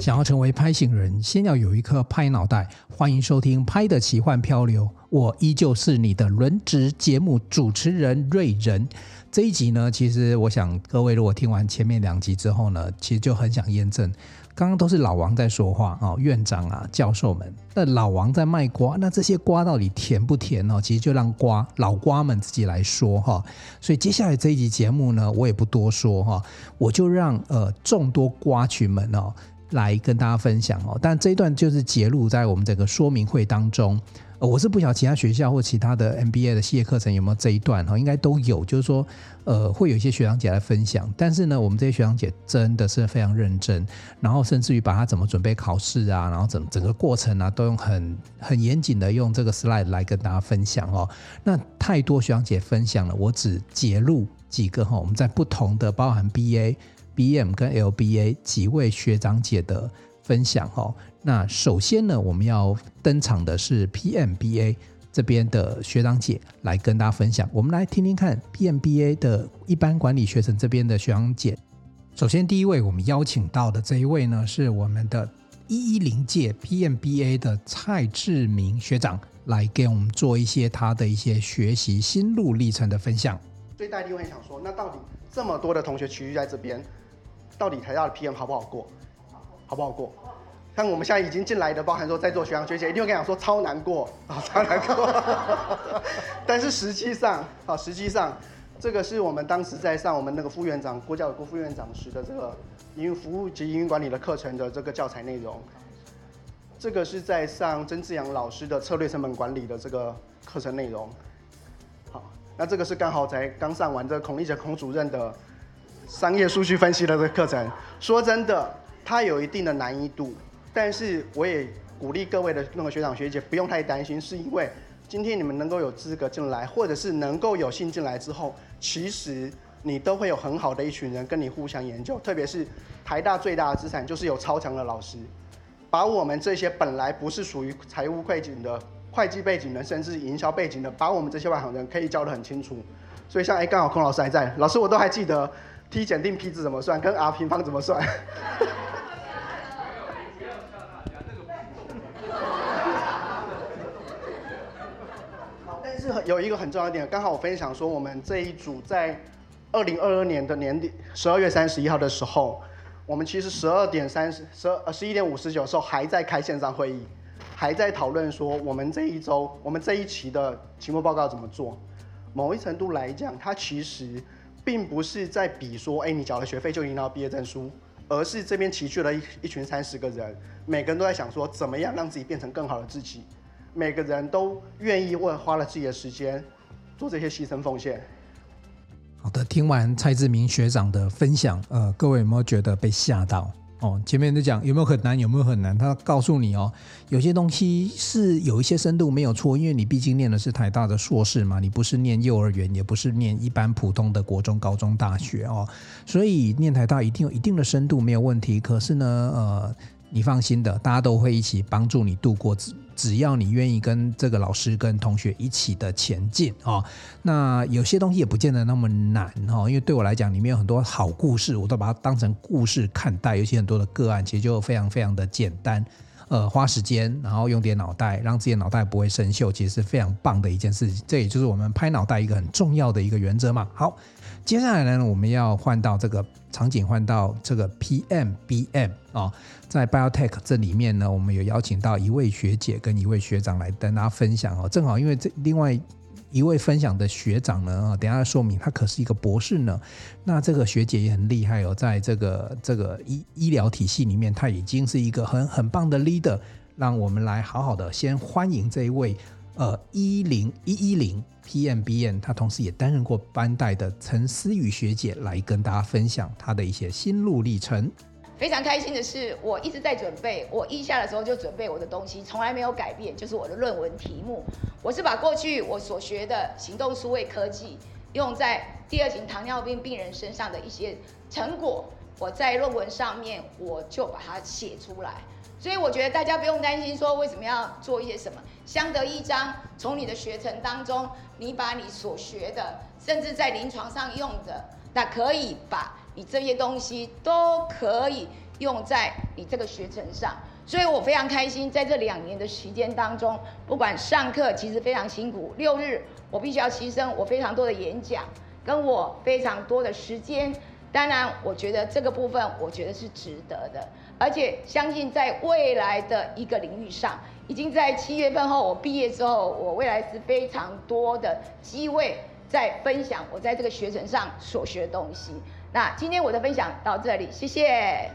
想要成為 Pi 型人，先要有一顆 Pi 腦袋。歡迎收聽《Pi 的奇幻漂流》，我依舊是你的輪值節目主持人瑞仁。這一集呢，其實我想各位如果聽完前面兩集之後呢，其實就很想驗證，剛剛都是老王在說話啊、哦，院長啊、教授們，那老王在賣瓜，那這些瓜到底甜不甜呢、哦？其實就讓瓜老瓜們自己來說哈、哦。所以接下來這一集節目呢，我也不多說哈、哦，我就讓呃眾多瓜群們哦。來跟大家分享哦，但這一段就是截錄在我們整個說明會當中。呃，我是不曉得其他學校或其他的 MBA 的系列課程有沒有這一段哈，應該都有，就是說，呃，會有一些學長姐來分享。但是呢，我們這些學長姐真的是非常認真，然後甚至於把她怎麼準備考試啊，然後整整個過程啊，都用很很嚴謹的用這個 slide 來跟大家分享哦。那太多學長姐分享了，我只截錄幾個哈，哦，我們在不同的包含 BA。B M 跟 L B A 幾位學長姐的分享哦，那首先呢，我們要登場的是 P M B A 這邊的學長姐來跟大家分享。我們來聽聽看 P M B A 的一般管理學程這邊的學長姐。首先第一位我們邀請到的這一位呢，是我們的一一零屆 P M B A 的蔡志明學長來給我們做一些他的一些學習心路歷程的分享。所以大家一定會想說，那到底這麼多的同學齊聚在這邊，到底台大的 PM 好不好過？好不好過？看我們現在已經進來的，包含說在座學長學姐，一定、欸、會跟你講說超難過啊，超難過。哦、超難過 但是實際上，好、哦，實際上這個是我們當時在上我們那個副院長郭教郭副院長時的這個營運服務及營運管理的課程的這個教材內容。這個是在上曾志陽老師的策略成本管理的這個課程內容。好，那這個是剛好才剛上完這孔立杰孔主任的。商業數據分析的這課程，說真的，它有一定的難易度，但是我也鼓勵各位的那個學長學姐不用太擔心，是因為今天你們能夠有資格進來，或者是能夠有幸進來之後，其實你都會有很好的一群人跟你互相研究。特別是台大最大的資產就是有超強的老師，把我們這些本來不是屬於財務背景的、會計背景的，甚至營銷背景的，把我們這些外行人可以教得很清楚。所以像誒，剛、欸、好孔老師還在，老師我都還記得。T 檢定 p 值怎麼算？跟 R 平方怎麼算？但是有一個很重要的點，剛好我分享說，我們這一組在二零二二年的年底十二月三十一號的時候，我們其實十二點三十十呃十一點五十九的時候還在開線上會議，還在討論說我們這一周我們這一期的期末報告怎麼做。某一程度來講，它其實。並不是在比說，哎、欸，你繳了學費就領到畢業證書，而是這邊齊聚了一一群三十個人，每個人都在想說，怎麼樣讓自己變成更好的自己，每個人都願意為花了自己的時間做這些犧牲奉獻。好的，聽完蔡志明學長的分享，呃，各位有沒有覺得被嚇到？哦，前面在講有沒有很難，有沒有很難？他告訴你哦，有些東西是有一些深度沒有錯，因為你畢竟念的是台大的碩士嘛，你不是念幼兒園，也不是念一般普通的國中、高中、大學哦，所以念台大一定有一定的深度沒有問題。可是呢，呃，你放心的，大家都會一起幫助你度過。只要你願意跟這個老師、跟同學一起的前進啊，那有些東西也不見得那麼難哈。因為對我來講，裡面有很多好故事，我都把它當成故事看待。尤其很多的個案，其實就非常非常的簡單。呃，花時間，然後用點腦袋，讓自己的腦袋不會生銹，其實是非常棒的一件事情。這也就是我們拍腦袋一個很重要的一個原則嘛。好，接下來呢，我們要換到這個場景，換到這個 PMBM 啊、哦，在 Biotech 這裡面呢，我們有邀請到一位學姐跟一位學長來跟大家分享哦。正好因為這另外一。一位分享的學長呢，啊，等下說明他可是一個博士呢。那這個學姐也很厲害哦，在這個這個醫醫療體系裡面，她已經是一個很很棒的 leader。讓我們來好好的先歡迎這一位，呃，一零一一零 PMBN，她同時也擔任過班代的陳思雨學姐來跟大家分享她的一些心路歷程。非常開心的是，我一直在準備，我一下的時候就準備我的東西，從來沒有改變，就是我的論文題目。我是把過去我所學的行動數位科技用在第二型糖尿病病人身上的一些成果，我在論文上面我就把它寫出來。所以我覺得大家不用擔心，說為什麼要做一些什麼，相得益彰。從你的學程當中，你把你所學的，甚至在臨床上用的，那可以把。你這些東西都可以用在你這個學程上，所以我非常開心，在這兩年的時間當中，不管上課其實非常辛苦，六日我必須要犧牲我非常多的演講，跟我非常多的時間。當然，我覺得這個部分我覺得是值得的，而且相信在未來的一個領域上，已經在七月份後我畢業之後，我未來是非常多的機會在分享我在這個學程上所學的東西。那今天我的分享到這裡，謝謝。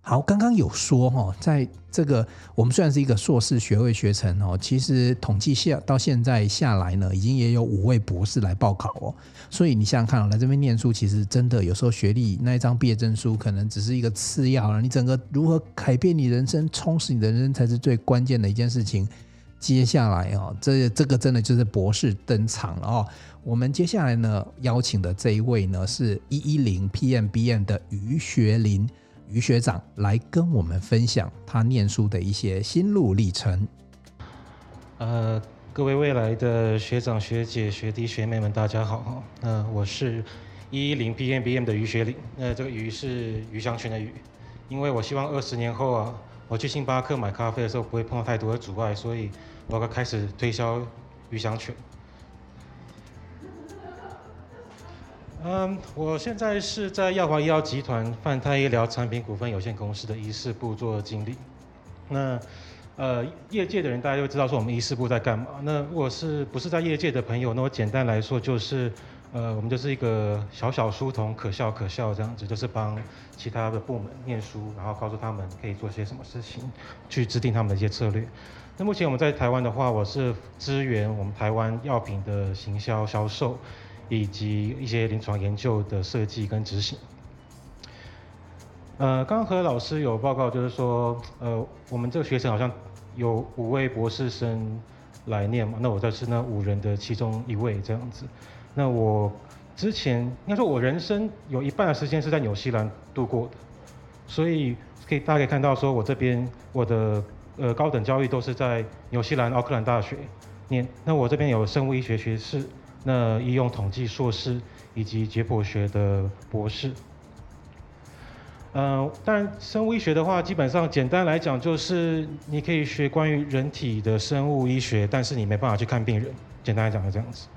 好，剛剛有說哦，在這個我們雖然是一個碩士學位學程哦，其實統計下到現在下來呢，已經也有五位博士來報考哦。所以你想想看，來這邊唸書，其實真的有時候學歷那一張畢業證書可能只是一個次要了，你整個如何改變你人生，充實你的人生，才是最關鍵的一件事情。接下來哦，這這個真的就是博士登場了哦。我們接下來呢，邀請的這一位呢，是一一零 PMBM 的於學林，於學長來跟我們分享他念書的一些心路歷程。呃，各位未來的學長學姐學弟學妹們，大家好。嗯、呃，我是一一零 PMBM 的於學林。呃，這個於是於香泉的於，因為我希望二十年後啊。我去星巴克買咖啡的時候不會碰到太多的阻礙，所以我開始推銷魚香犬。嗯、um,，我現在是在藥華醫藥集團泛泰醫療產品股份有限公司的醫師部做經理。那，呃，業界的人大家都知道說我們醫師部在幹嘛？那我是不是在業界的朋友，那我簡單來說就是。呃，我們就是一個小小書童，可笑可笑這樣子，就是幫其他的部門念書，然後告訴他們可以做些什麼事情，去制定他們的一些策略。那目前我們在台灣的話，我是支援我們台灣藥品的行銷、銷售，以及一些臨床研究的設計跟執行。呃，剛剛和老師有報告，就是說，呃，我們這個學程好像有五位博士生來念嘛，那我就是那五人的其中一位這樣子。那我之前應該說，我人生有一半的時間是在紐西蘭度過的，所以可以大家可以看到，說我這邊我的呃高等教育都是在紐西蘭奧克蘭大學念。那我這邊有生物醫學學士，那醫用統計碩士，以及解剖學的博士。呃，當然生物醫學的話，基本上簡單來講就是你可以學關於人體的生物醫學，但是你沒辦法去看病人。簡單來講是這樣子。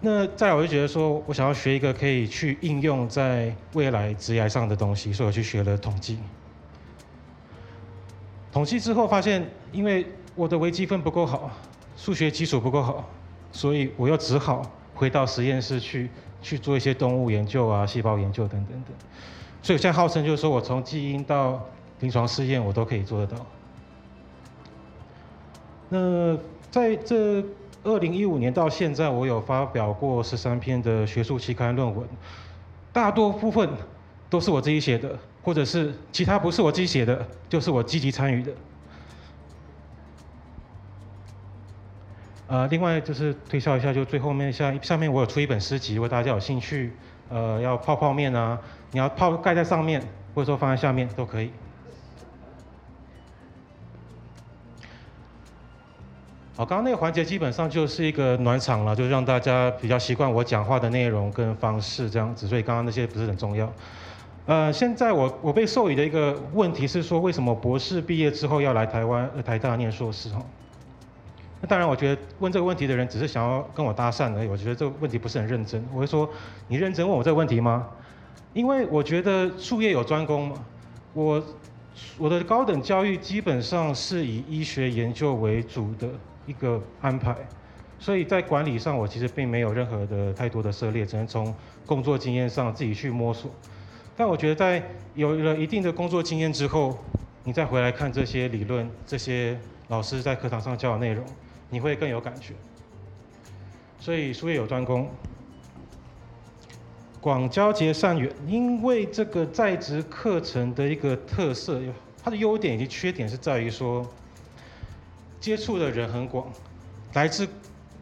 那再有，我就覺得說，我想要學一個可以去應用在未來職涯上的東西，所以我去學了統計。統計之後發現，因為我的微積分不夠好，數學基礎不夠好，所以我又只好回到實驗室去去做一些動物研究啊、細胞研究等等等。所以我現在號稱就是說我從基因到臨床試驗我都可以做得到。那在這。二零一五年到現在，我有發表過十三篇的學術期刊論文，大多部分都是我自己寫的，或者是其他不是我自己寫的，就是我積極參與的。呃，另外就是推銷一下，就最後面下下面我有出一本詩集，如果大家有興趣，呃，要泡泡麵啊，你要泡蓋在上面，或者說放在下面都可以。好，剛剛那個環節基本上就是一個暖場了，就是讓大家比較習慣我講話的內容跟方式這樣子，所以剛剛那些不是很重要。呃，現在我我被授予的一個問題是說，為什麼博士畢業之後要來台灣，呃，台大念碩士？哈、哦，那當然，我覺得問這個問題的人只是想要跟我搭訕而已。我覺得這個問題不是很認真，我會說，你認真問我這個問題嗎？因為我覺得術業有專攻嘛，我我的高等教育基本上是以醫學研究為主的。一個安排，所以在管理上，我其實並沒有任何的太多的涉獵，只能從工作經驗上自己去摸索。但我覺得，在有了一定的工作經驗之後，你再回來看這些理論，這些老師在課堂上教的內容，你會更有感覺。所以術業有專攻，廣交結善緣。因為這個在職課程的一個特色，它的優點以及缺點是在於說。接觸的人很廣，來自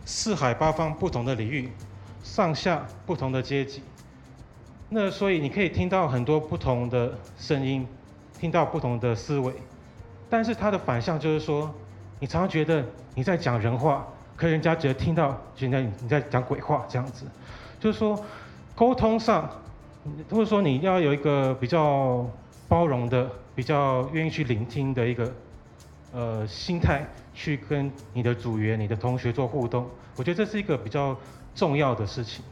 四海八方不同的領域，上下不同的階級，那所以你可以聽到很多不同的聲音，聽到不同的思維，但是它的反向就是說，你常常覺得你在講人話，可人家覺得聽到現在你在講鬼話這樣子，就是說溝通上，或者說你要有一個比較包容的、比較願意去聆聽的一個呃心態。去跟你的組員、你的同學做互動，我覺得這是一個比較重要的事情。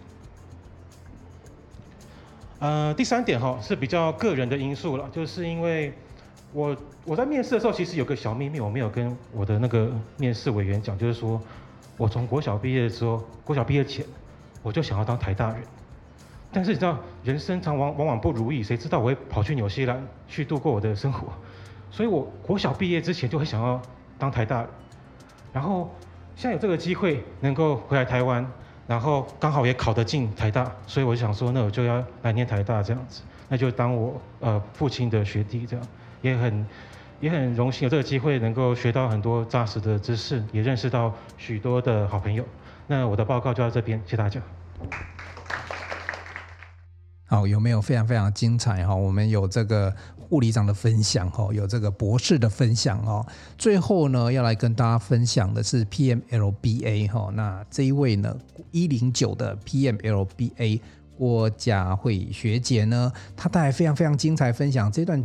呃，第三點哈是比較個人的因素了，就是因為我我在面試的時候，其實有個小秘密，我沒有跟我的那個面試委員講，就是說我從國小畢業的時候，國小畢業前我就想要當台大人。但是你知道，人生常往往往不如意，誰知道我會跑去紐西蘭去度過我的生活？所以，我國小畢業之前就會想要。當台大，然後現在有這個機會能夠回來台灣，然後剛好也考得進台大，所以我就想說，那我就要來念台大這樣子，那就當我呃父親的學弟這樣，也很也很榮幸有這個機會能夠學到很多紮實的知識，也認識到許多的好朋友。那我的報告就到這邊，謝謝大家。好，有沒有非常非常精彩哈？我們有這個。護理長的分享哦，有這個博士的分享哦，最後呢要來跟大家分享的是 PMLBA 哈，那這一位呢一零九的 PMLBA 郭嘉慧學姐呢，她帶來非常非常精彩分享。這段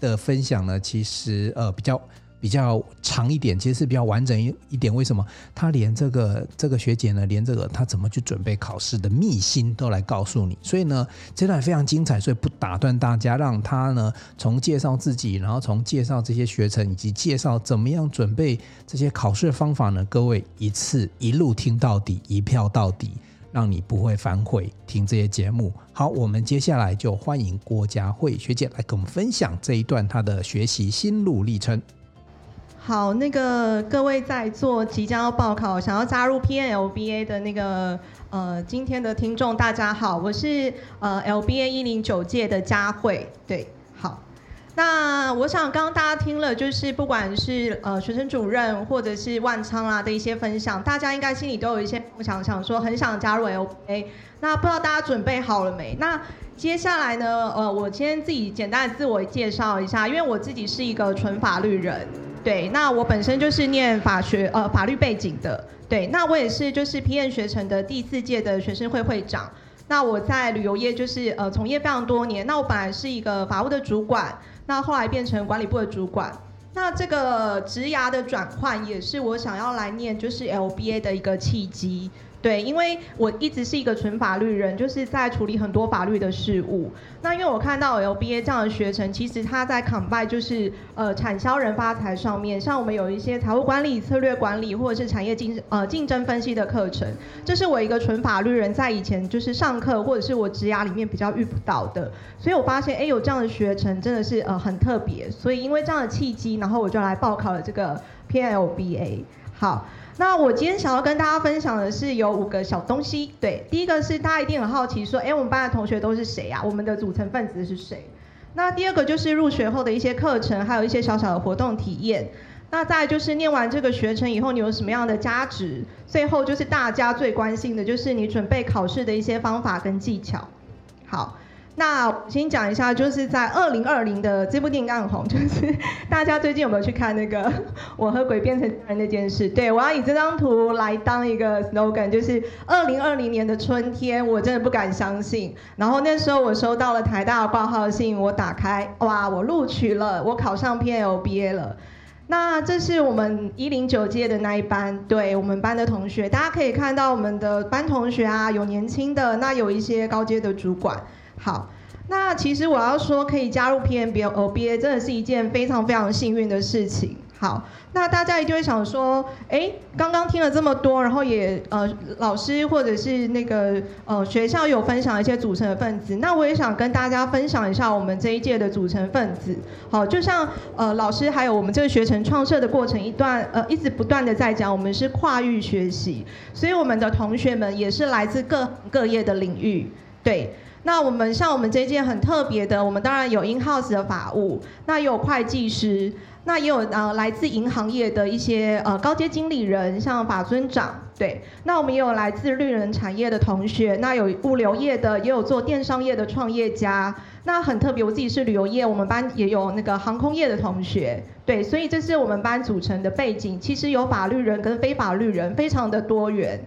的分享呢其實呃比較。比較長一點，其實是比較完整一一點。為什麼？他連這個這個學姐呢，連這個他怎麼去準備考試的秘辛都來告訴你。所以呢，這段非常精彩，所以不打斷大家，讓他呢從介紹自己，然後從介紹這些學程，以及介紹怎麼樣準備這些考試的方法呢，各位一次一路聽到底，一票到底，讓你不會反悔聽這些節目。好，我們接下來就歡迎郭佳慧學姐來跟我們分享這一段她的學習心路歷程。好，那個各位在座即將要報考、想要加入 PM L B A 的那個呃，今天的聽眾大家好，我是呃 L B A 一零九屆的佳慧，對，好。那我想剛剛大家聽了，就是不管是呃學生主任或者是萬昌啊的一些分享，大家應該心裡都有一些夢想，想說很想加入 L B A。那不知道大家準備好了沒？那接下來呢，呃，我先自己簡單的自我介紹一下，因為我自己是一個純法律人。對，那我本身就是念法學，呃，法律背景的。對，那我也是就是 PM 學程的第四屆的學生會會長。那我在旅遊業就是呃，從業非常多年。那我本來是一個法務的主管，那後來變成管理部的主管。那這個職涯的轉換也是我想要來念就是 LBA 的一個契機。對，因為我一直是一個純法律人，就是在處理很多法律的事務。那因為我看到 LBA 這樣的學程，其實它在 combine 就是呃產銷人發財上面，像我們有一些財務管理、策略管理或者是產業競呃競爭分析的課程，這是我一個純法律人在以前就是上課或者是我職涯裡面比較遇不到的。所以我發現，哎，有這樣的學程真的是呃很特別。所以因為這樣的契機，然後我就來報考了這個 PLBA。好。那我今天想要跟大家分享的是有五個小東西，對，第一個是大家一定很好奇，說，欸，我們班的同學都是誰啊？我們的組成分子是誰？那第二個就是入學後的一些課程，還有一些小小的活動體驗。那再就是念完這個學程以後，你有什麼樣的價值？最後就是大家最關心的，就是你準備考試的一些方法跟技巧。好。那我先講一下，就是在二零二零的這部電影《暗紅》，就是大家最近有沒有去看那個《我和鬼變成人那件事》？對，我要以這張圖來當一個 slogan，就是二零二零年的春天，我真的不敢相信。然後那時候我收到了台大的掛號信，我打開，哇，我錄取了，我考上 PLBA 了。那這是我們一零九屆的那一班，對，我們班的同學，大家可以看到我們的班同學啊，有年輕的，那有一些高階的主管。好，那其實我要說，可以加入 PM OBA 真的是一件非常非常幸運的事情。好，那大家一定會想說，哎、欸，剛剛聽了這麼多，然後也呃，老師或者是那個呃學校有分享一些組成的分子，那我也想跟大家分享一下我們這一屆的組成分子。好，就像呃老師還有我們這個學程創設的過程一段呃一直不斷的在講，我們是跨域學習，所以我們的同學們也是來自各行各業的領域，對。那我們像我們這件很特別的。我們當然有 in-house 的法務，那也有會計師，那也有呃來自銀行業的一些呃高階經理人，像法尊長，對。那我們也有來自律人產業的同學，那有物流業的，也有做電商業的創業家。那很特別，我自己是旅遊業，我們班也有那個航空業的同學，對。所以這是我們班組成的背景，其實有法律人跟非法律人，非常的多元。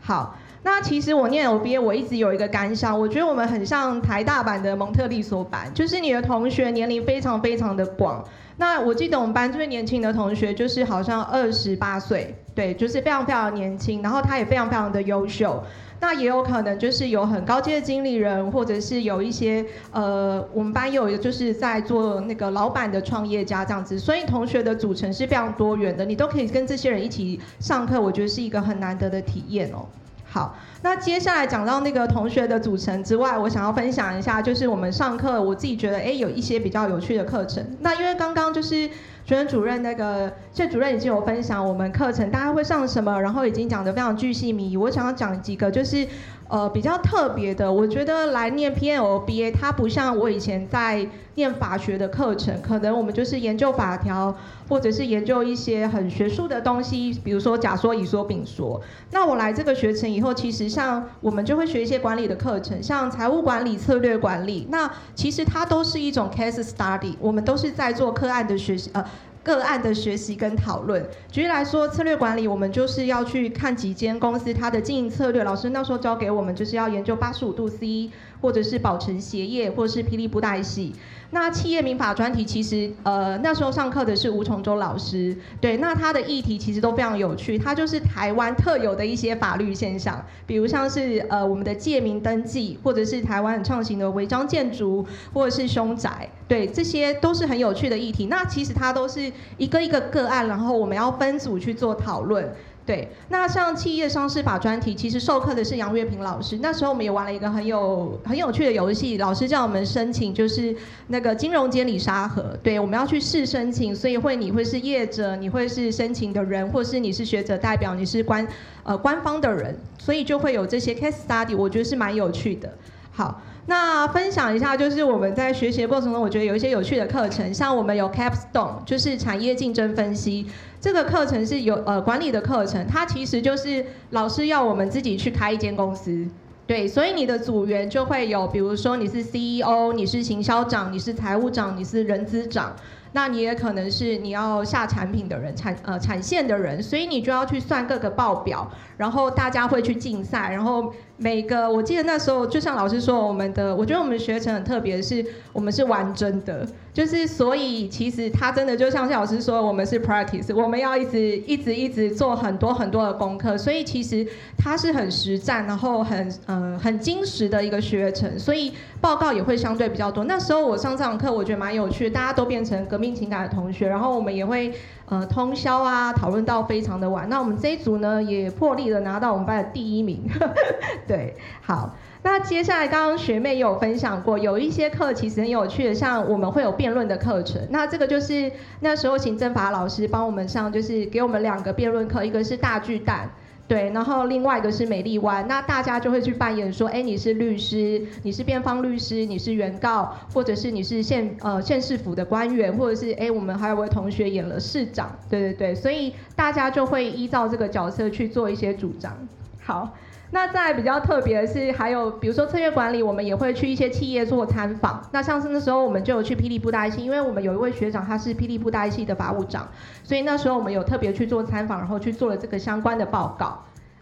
好。那其實我念 oba 我一直有一個感想，我覺得我們很像台大版的蒙特利索版，就是你的同學年齡非常非常的廣。那我記得我們班最年輕的同學就是好像二十八歲，對，就是非常非常的年輕，然後他也非常非常的優秀。那也有可能就是有很高階的經理人，或者是有一些呃，我們班有就是在做那個老板的創業家這樣子，所以同學的組成是非常多元的，你都可以跟這些人一起上課，我覺得是一個很難得的體驗哦。好，那接下來講到那個同學的組成之外，我想要分享一下，就是我們上課，我自己覺得誒、欸，有一些比較有趣的課程。那因為剛剛就是主任、主任那個謝主任已經有分享我們課程，大家會上什麼，然後已經講得非常巨細靡遺，我想要講幾個，就是。呃，比較特別的，我覺得來念 PMBA 它不像我以前在念法學的課程，可能我們就是研究法條，或者是研究一些很學術的東西，比如說甲說、乙說、丙說。那我來這個學程以後，其實像我們就會學一些管理的課程，像財務管理、策略管理。那其實它都是一種 case study，我們都是在做課案的學習，呃。個案的學習跟討論，舉例來說，策略管理我們就是要去看幾間公司它的經營策略。老師那時候教給我們就是要研究八十五度 C，或者是寶成鞋業，或者是霹靂布袋戲。那企業民法專題其實，呃，那時候上課的是吳崇洲老師，對，那他的議題其實都非常有趣，他就是台灣特有的一些法律現象，比如像是呃我們的借名登記，或者是台灣很創新的違章建築，或者是凶宅，對，這些都是很有趣的議題。那其實他都是一個一個個案，然後我們要分組去做討論。對，那像企業商事法專題，其實授課的是楊月平老師。那時候我們也玩了一個很有很有趣的遊戲，老師叫我們申請，就是那個金融監理沙盒。對，我們要去試申請，所以會你會是業者，你會是申請的人，或是你是學者代表，你是官呃官方的人，所以就會有這些 case study，我覺得是蠻有趣的。好。那分享一下，就是我們在學習的過程中，我覺得有一些有趣的課程，像我們有 Capstone，就是產業競爭分析這個課程，是有呃管理的課程，它其實就是老師要我們自己去開一間公司，對，所以你的組員就會有，比如說你是 CEO，你是行銷長，你是財務長，你是人資長，那你也可能是你要下產品的人，產呃產線的人，所以你就要去算各個報表，然後大家會去競賽，然後。每個我記得那時候，就像老師說，我們的我覺得我們學程很特別，是我們是完整的，就是所以其實他真的就像謝老師說，我們是 practice，我們要一直一直一直做很多很多的功課，所以其實他是很實戰，然後很嗯、呃、很精實的一個學程，所以報告也會相對比較多。那時候我上這堂課，我覺得蠻有趣，大家都變成革命情感的同學，然後我們也會。呃，通宵啊，討論到非常的晚。那我們這一組呢，也破例的拿到我們班的第一名，呵呵。對，好。那接下來剛剛學妹也有分享過，有一些課其實很有趣的，像我們會有辯論的課程。那這個就是那時候行政法老師幫我們上，就是給我們兩個辯論課，一個是大巨蛋。對，然後另外一個是美麗灣，那大家就會去扮演說，哎，你是律師，你是辯方律師，你是原告，或者是你是縣呃縣市府的官員，或者是哎，我們還有位同學演了市長，對對對，所以大家就會依照這個角色去做一些主張，好。那在比較特別的是，還有比如說策略管理，我們也會去一些企業做參訪。那上次的時候，我們就有去霹靂布袋戲，因為我們有一位學長，他是霹靂布袋戲的法務長，所以那時候我們有特別去做參訪，然後去做了這個相關的報告。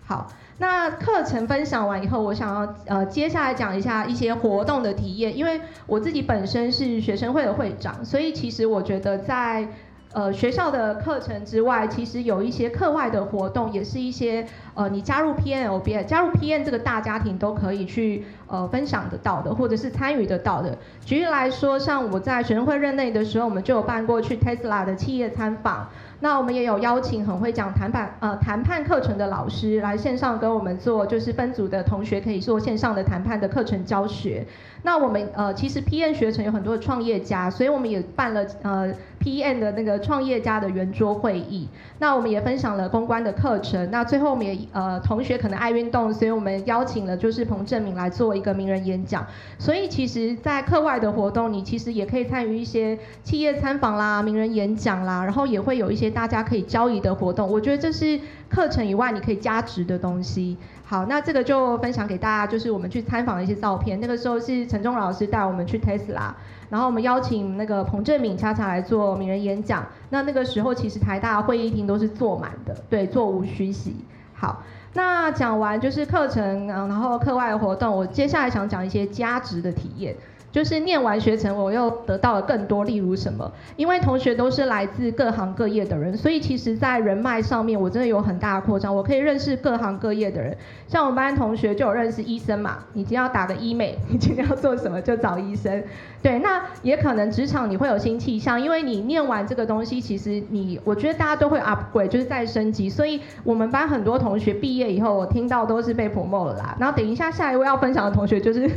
好，那課程分享完以後，我想要呃接下來講一下一些活動的體驗，因為我自己本身是學生會的會長，所以其實我覺得在。呃，學校的課程之外，其實有一些課外的活動，也是一些呃，你加入 PM OB 加入 PM 這個大家庭都可以去呃分享得到的，或者是參與得到的。舉例來說，像我在學生會任內的時候，我們就有辦過去 Tesla 的企業參訪。那我們也有邀請很會講談判呃談判課程的老師來線上跟我們做，就是分組的同學可以做線上的談判的課程教學。那我們呃，其實 PM 學程有很多的創業家，所以我們也辦了呃。PM 的那個創業家的圓桌會議，那我們也分享了公關的課程。那最後我們也呃，同學可能愛運動，所以我們邀請了就是彭政閔來做一個名人演講。所以其實，在課外的活動，你其實也可以參與一些企業參訪啦、名人演講啦，然後也會有一些大家可以交誼的活動。我覺得這是課程以外你可以加值的東西。好，那這個就分享給大家，就是我們去參訪的一些照片。那個時候是陳忠老師帶我們去 Tesla 然後我們邀請那個彭振敏，恰恰，來做名人演講。那那個時候，其實台大會議廳都是坐滿的，對，座無虛席。好，那講完就是課程，然後課外活動。我接下來想講一些加值的體驗，就是念完學程，我又得到了更多。例如什麼？因為同學都是來自各行各業的人，所以其實在人脈上面，我真的有很大的擴張。我可以認識各行各業的人，像我們班同學就有認識醫生嘛，你今天要打個醫美，你今天要做什麼就找醫生。對，那也可能職場你會有新氣象，因為你念完這個東西，其實你我覺得大家都會 upgrade，就是在升級。所以我們班很多同學畢業以後，我聽到都是被 promote 了啦。然後等一下下一位要分享的同學就是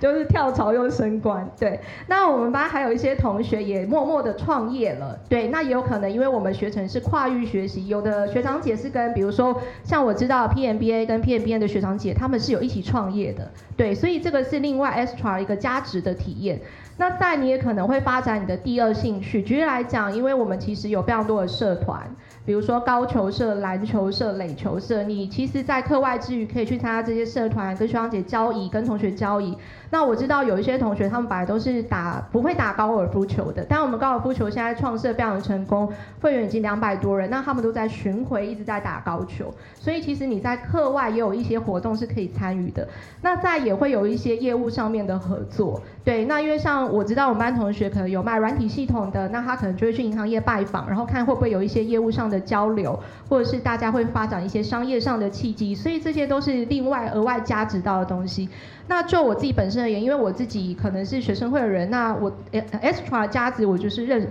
就是跳槽又升官。對，那我們班還有一些同學也默默的創業了。對，那也有可能因為我們學程是跨域學習，有的學長姐是跟比如說像我知道 P M B A 跟 P M B N 的學長姐，他們是有一起創業的。對，所以這個是另外 extra 一個加值的體驗。那在你也可能會發展你的第二興趣。舉例來講，因為我們其實有非常多的社團，比如說高球社、籃球社、壘球社。你其實，在課外之餘可以去參加這些社團，跟學長姐交誼，跟同學交誼。那我知道有一些同學他們本來都是打不會打高爾夫球的，但我們高爾夫球現在創設非常成功，會員已經兩百多人，那他們都在巡迴一直在打高球，所以其實你在課外也有一些活動是可以參與的。那再也會有一些業務上面的合作，對，那因為像我知道我們班同學可能有賣軟體系統的，那他可能就會去銀行業拜訪，然後看會不會有一些業務上的交流，或者是大家會發展一些商業上的契機，所以這些都是另外額外加值到的東西。那就我自己本身而言，因為我自己可能是學生會的人，那我 extra 加值，我就是認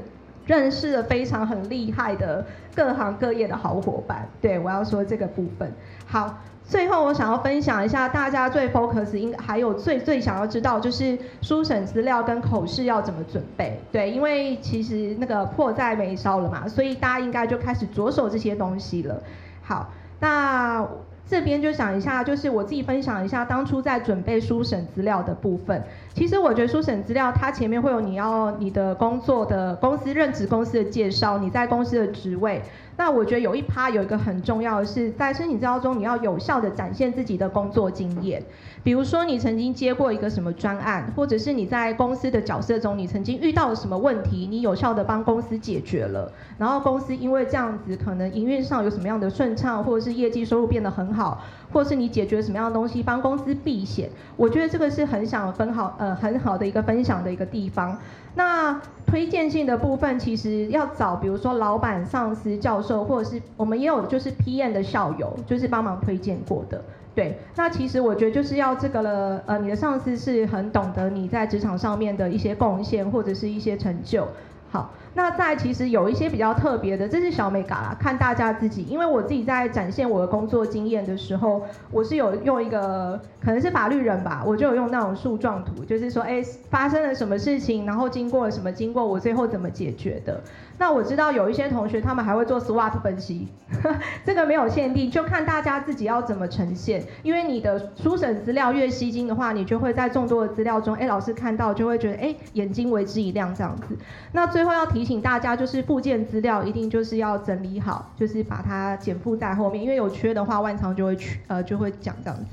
認識了非常很厲害的各行各業的好夥伴。對，我要說這個部分。好，最後我想要分享一下大家最 focus 應還有最最想要知道就是書審資料跟口試要怎麼準備。對，因為其實那個迫在眉梢了嘛，所以大家應該就開始着手這些東西了。好，那。這邊就想一下，就是我自己分享一下當初在準備書審資料的部分。其實我覺得書，書審資料它前面會有你要，你的工作的公司，任職公司的介紹，你在公司的職位。那我覺得有一趴，有一個很重要的是，在申請資料中你要有效的展現自己的工作經驗，比如說你曾經接過一個什麼專案，或者是你在公司的角色中你曾經遇到了什麼問題，你有效的幫公司解決了，然後公司因為這樣子可能營運上有什麼樣的順暢，或者是業績收入變得很好。或是你解決什麼樣的東西，幫公司避險，我覺得這個是很想分好呃很好的一個分享的一個地方。那推薦信的部分，其實要找比如說老闆、上司、教授，或者是我們也有就是 PM 的校友，就是幫忙推薦過的。對，那其實我覺得就是要這個了，呃，你的上司是很懂得你在職場上面的一些貢獻或者是一些成就。好。那在其實有一些比較特別的，這是小美嘎啦，看大家自己。因為我自己在展現我的工作經驗的時候，我是有用一個可能是法律人吧，我就有用那種樹狀圖，就是說哎、欸、發生了什麼事情，然後經過了什麼經過，我最後怎麼解決的。那我知道有一些同學他們還會做 SWOT 分析呵，這個沒有限定，就看大家自己要怎麼呈現。因為你的書審資料越吸睛的話，你就會在眾多的資料中，哎、欸、老師看到就會覺得哎、欸、眼睛為之一亮這樣子。那最後要提。請大家就是附件資料一定就是要整理好，就是把它檢附在後面，因為有缺的話，萬常就會缺，呃就會講這樣子。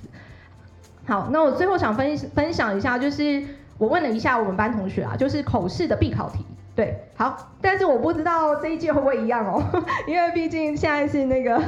好，那我最後想分分享一下，就是我問了一下我們班同學啊，就是口試的必考題。對，好，但是我不知道這一屆會不會一樣哦，因為畢竟現在是那個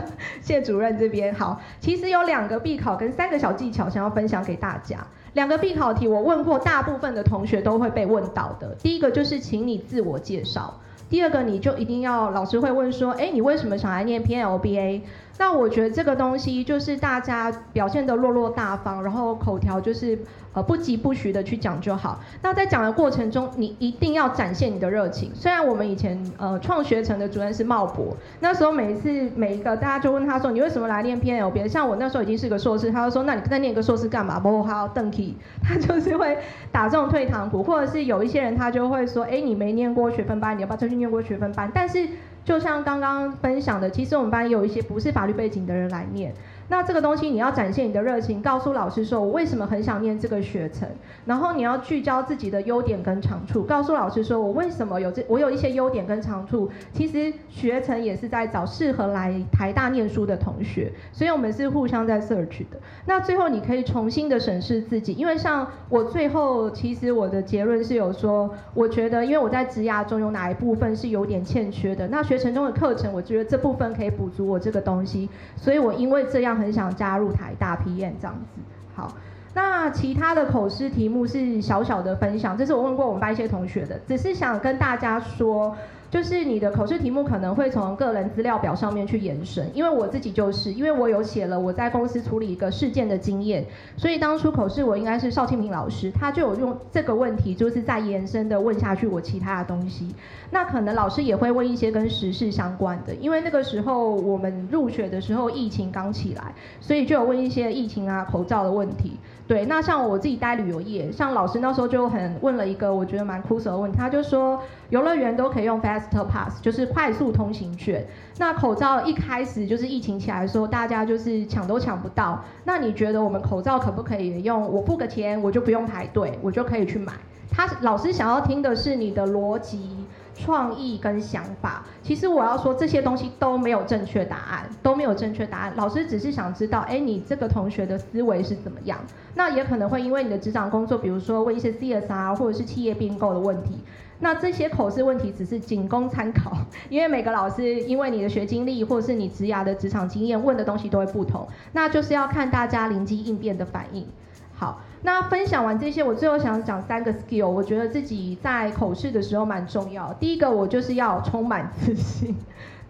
謝主任這邊。好，其實有兩個必考跟三個小技巧想要分享給大家。兩個必考題，我問過大部分的同學都會被問到的。第一個就是請你自我介紹，第二個你就一定要老師會問說：哎、欸，你為什麼想來念 PLBA？那我覺得這個東西就是大家表現的落落大方，然後口條就是呃不急不徐的去講就好。那在講的過程中，你一定要展現你的熱情。雖然我們以前呃創學城的主任是茂博，那時候每一次每一個大家就問他說，你為什麼來練 P L B？像我那時候已經是個碩士，他就說，那你再念個碩士幹嘛？包括還有鄧啟，他就是會打這種退堂鼓，或者是有一些人他就會說，哎、欸，你沒念過學分班，你要不要再去念過學分班？但是。就像剛剛分享的，其實我們班有一些不是法律背景的人來念。那這個東西你要展現你的熱情，告訴老師說我為什麼很想念這個學程，然後你要聚焦自己的優點跟長處，告訴老師說我為什麼有這我有一些優點跟長處。其實學程也是在找適合來台大念書的同學，所以我們是互相在 search 的。那最後你可以重新的審視自己，因為像我最後其實我的結論是有說，我覺得因為我在職涯中有哪一部分是有點欠缺的，那學程中的課程我覺得這部分可以補足我這個東西，所以我因為這樣。很想加入台大 PM 這樣子，好。那其他的口試題目是小小的分享，這是我問過我們班一些同學的，只是想跟大家說。就是你的口試題目可能會從個人資料表上面去延伸，因為我自己就是因為我有寫了我在公司處理一個事件的經驗，所以當初口試我應該是邵慶明老師，他就有用這個問題就是在延伸的問下去我其他的東西，那可能老師也會問一些跟時事相關的，因為那個時候我們入學的時候疫情剛起來，所以就有問一些疫情啊、口罩的問題。對，那像我自己待旅遊業，像老師那時候就很問了一個我覺得蠻苦手的問題，他就說遊樂園都可以用 faster pass，就是快速通行券。那口罩一開始就是疫情起來的時候，大家就是搶都搶不到，那你覺得我們口罩可不可以用？我付個錢我就不用排隊，我就可以去買。他老師想要聽的是你的邏輯。創意跟想法，其實我要說這些東西都沒有正確答案，都沒有正確答案。老師只是想知道，哎，你這個同學的思維是怎麼樣？那也可能會因為你的職場工作，比如說問一些 CSR 或者是企業併購的問題，那這些口試問題只是僅供參考，因為每個老師因為你的學經歷或者是你職涯的職場經驗問的東西都會不同，那就是要看大家臨機應變的反應。好。那分享完這些，我最後想講三個 skill，我覺得自己在口試的時候蠻重要。第一個，我就是要充滿自信，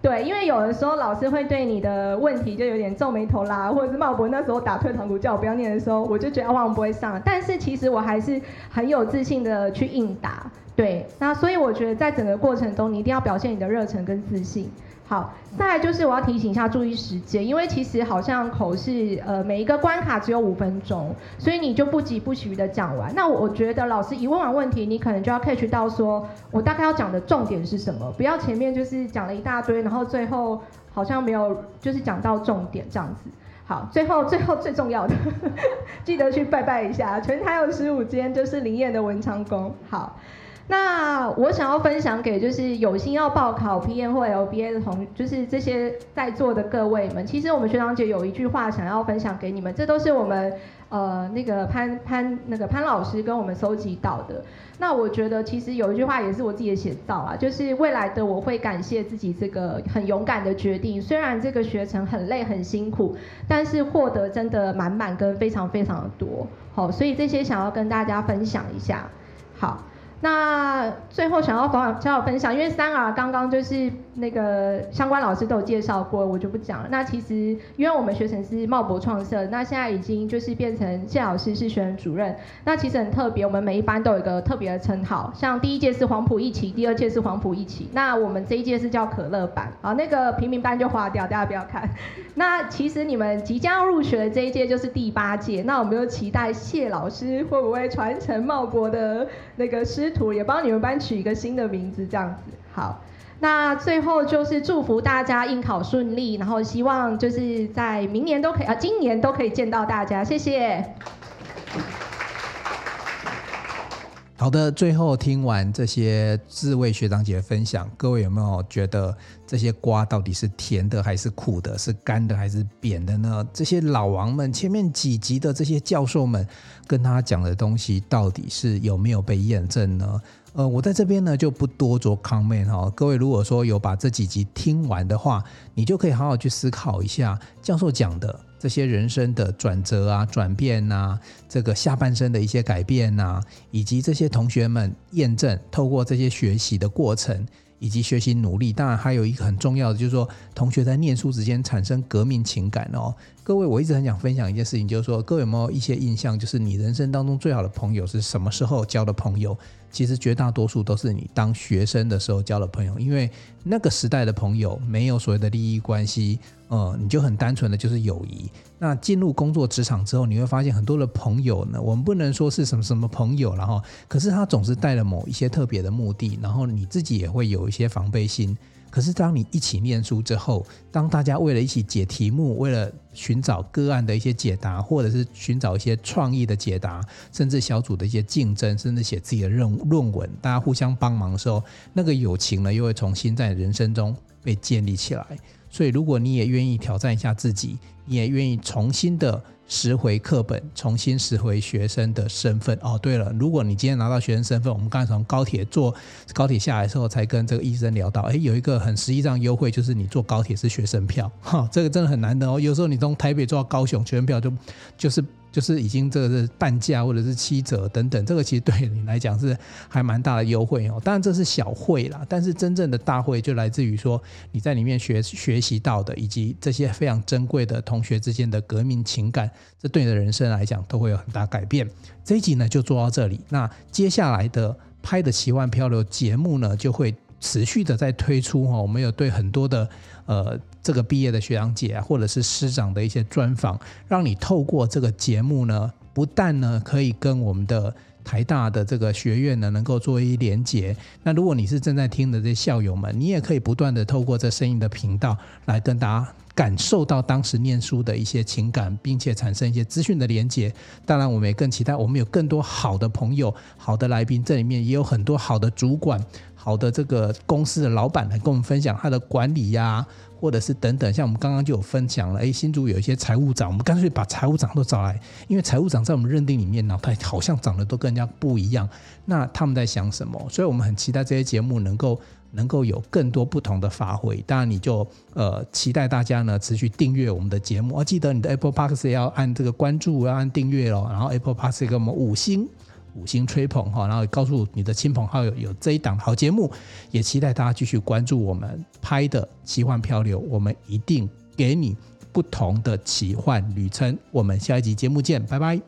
對，因為有的時候老師會對你的問題就有點皺眉頭啦，或者是茂博那時候打退堂鼓叫我不要念的時候，我就覺得哇，我不會上，但是其實我還是很有自信的去應答。對，那所以我覺得在整個過程中，你一定要表現你的熱忱跟自信。好，再來就是我要提醒一下，注意時間，因為其實好像口試，呃，每一個關卡只有五分鐘，所以你就不疾不徐的講完。那我覺得老師一問完問題，你可能就要 catch 到說，我大概要講的重點是什麼，不要前面就是講了一大堆，然後最後好像沒有就是講到重點這樣子。好，最後最後最重要的呵呵，記得去拜拜一下，全台有十五間，就是靈驗的文昌宮。好。那我想要分享給就是有心要報考 PM 或 LBA 的同學，就是這些在座的各位們，其實我們學長姐有一句話想要分享給你們，這都是我們呃那個潘潘那個潘老師跟我們收集到的。那我覺得其實有一句話也是我自己的寫照啊，就是未來的我會感謝自己這個很勇敢的決定，雖然這個學程很累很辛苦，但是獲得真的滿滿跟非常非常的多。好、哦，所以這些想要跟大家分享一下，好。那最後想要分享，因為三兒剛剛就是那個相關老師都有介紹過，我就不講了。那其實因為我們學程是茂博創設，那現在已經就是變成謝老師是學程主任。那其實很特別，我們每一班都有一個特別的稱號，像第一屆是黃埔一期，第二屆是黃埔一期，那我們這一屆是叫可樂班啊。那個平民班就劃掉，大家不要看。那其實你們即將要入學的這一屆就是第八屆，那我們就期待謝老師會不會傳承茂博的那個師。也幫你們班取一個新的名字，這樣子好。那最後就是祝福大家應考順利，然後希望就是在明年都可以啊，今年都可以見到大家。謝謝。好的，最後聽完這些智慧學長姐分享，各位有沒有覺得這些瓜到底是甜的還是苦的，是乾的還是扁的呢？這些老王們前面幾集的這些教授們。跟他講的東西到底是有沒有被驗證呢？呃，我在這邊呢就不多做 comment 哈。各位如果說有把這幾集聽完的話，你就可以好好去思考一下教授講的這些人生的轉折啊、轉變啊、這個下半生的一些改變啊，以及這些同學們驗證透過這些學習的過程。以及學習努力，當然還有一個很重要的就是說，同學在念書之間產生革命情感哦。各位，我一直很想分享一件事情，就是說，各位有沒有一些印象，就是你人生當中最好的朋友是什麼時候交的朋友？其實絕大多數都是你當學生的時候交的朋友，因為那個時代的朋友沒有所謂的利益關係，嗯、呃，你就很單純的就是友誼。那進入工作職場之後，你會發現很多的朋友呢，我們不能說是什麼什麼朋友，然後，可是他總是帶了某一些特別的目的，然後你自己也會有一些防備心。可是，當你一起念書之後，當大家為了一起解題目，為了尋找個案的一些解答，或者是尋找一些創意的解答，甚至小組的一些競爭，甚至寫自己的論論文，大家互相幫忙的時候，那個友情呢，又會重新在人生中被建立起來。所以，如果你也願意挑戰一下自己，你也願意重新的。拾回課本，重新拾回學生的身份。哦，對了，如果你今天拿到學生身份，我們剛才從高鐵坐高鐵下來之後，才跟這個醫生聊到，哎，有一個很實際上優惠，就是你坐高鐵是學生票，哈，哦，這個真的很難得哦。有時候你從台北坐到高雄，學生票就就是。就是已經這個是半價或者是七折等等，這個其實對你來講是還蠻大的優惠哦。當然這是小惠啦，但是真正的大惠就來自於說你在裡面學學習到的，以及這些非常珍貴的同學之間的革命情感，這對你的人生來講都會有很大改變。這一集呢就做到這裡，那接下來的 Pi 的奇幻漂流節目呢就會持續的在推出哈、哦。我們有對很多的。呃，這個畢業的學長姐啊，或者是師長的一些專訪，讓你透過這個節目呢，不但呢可以跟我們的台大的這個學院呢能夠做一連結。那如果你是正在聽的這些校友們，你也可以不斷的透過這聲音的頻道來跟大家。感受到當時念書的一些情感，並且產生一些資訊的連接。當然，我們也更期待我們有更多好的朋友、好的來賓。這裡面也有很多好的主管、好的這個公司的老闆來跟我們分享他的管理呀，啊，或者是等等。像我們剛剛就有分享了，誒，新竹有一些財務長，我們乾脆把財務長都找來，因為財務長在我們認定裡面，腦袋好像長得都跟人家不一樣。那他們在想什麼？所以我們很期待這些節目能夠。能夠有更多不同的發揮，當然你就呃期待大家呢持續訂閱我們的節目，哦，記得你的 Apple Park 是要按這個關注要按訂閱哦然後 Apple Park 給我們五星五星吹捧哈、哦，然後告訴你的親朋好友有,有這一檔好節目，也期待大家繼續關注我們 Pi 的奇幻漂流，我們一定給你不同的奇幻旅程，我們下一集節目見，拜拜。